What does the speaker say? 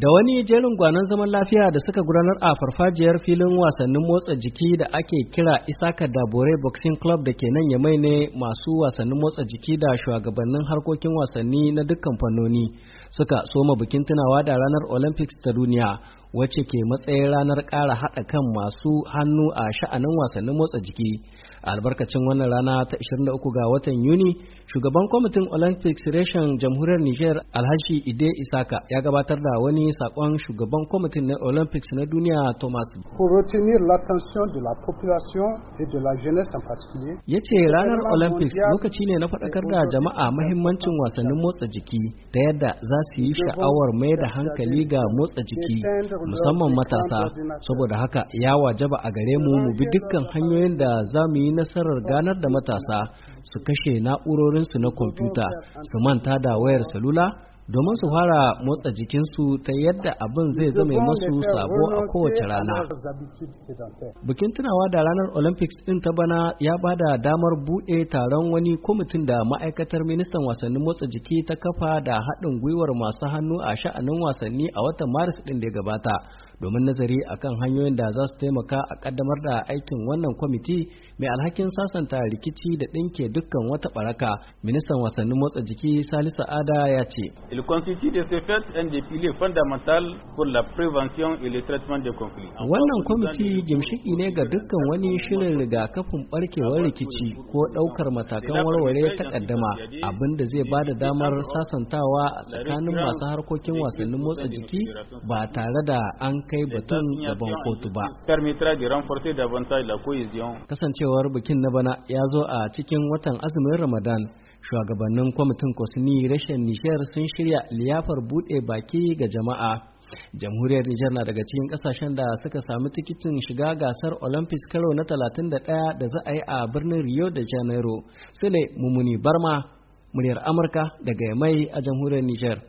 da wani jerin gwanon zaman lafiya da suka gudanar a farfajiyar filin wasannin motsa jiki da ake kira isaka dabore boxing club da ke nan yamai ne masu wasannin motsa jiki da shugabannin harkokin wasanni na dukkan fannoni suka soma bikin tunawa da ranar olympics ta duniya wacce ke matsayin ranar ƙara haɗa kan masu hannu a sha'anin wasannin motsa jiki albarkacin wannan rana ta 23 ga watan yuni shugaban kwamitin olympics reshen jamhuriyar niger alhashi ide isaka ya gabatar da wani sakon shugaban kwamitin na olympics na duniya thomas pour retenir l'attention ranar olympics lokaci ne na faɗakar da jama'a mahimmancin wasannin motsa jiki ta yadda za su yi sha'awar mai da hankali ga motsa jiki musamman matasa saboda haka ya wajaba a gare mu mu bi dukkan hanyoyin da za mu yi nasarar ganar da matasa su kashe na'urorinsu na kwamfuta su manta da wayar salula domin su fara motsa jikinsu ta yadda abin zai zama masu sabo a kowace rana. Bikin tunawa da ranar Olympics ɗin ta bana ya ba da damar buɗe taron wani kwamitin da ma'aikatar ministan wasannin motsa jiki ta kafa da haɗin gwiwar masu hannu a sha'anin wasanni a watan Maris ɗin da ya gabata. domin nazari a kan hanyoyin da za su taimaka a kaddamar da aikin wannan kwamiti mai alhakin sasanta rikici da ɗinke dukkan wata baraka ministan wasannin motsa jiki salisu ada ya ce il constitue de ce fait wannan kwamiti gimshiki ne ga dukkan wani shirin rigakafin barkewar rikici ko ɗaukar matakan warware ta takaddama abin da zai ba da damar sasantawa a tsakanin masu harkokin wasannin motsa jiki ba tare da an kai batun gaban kotu ba. Kasancewar bikin na bana ya zo a cikin watan azumin Ramadan shugabannin kwamitin kosini rashin nishiyar sun shirya liyafar buɗe baki ga jama'a. jamhuriyar nijar na daga cikin kasashen da suka sami tikitin shiga gasar olympics karo na 31 da za a yi a birnin rio de janeiro sule mumuni barma muryar amurka daga mai a jamhuriyar nijar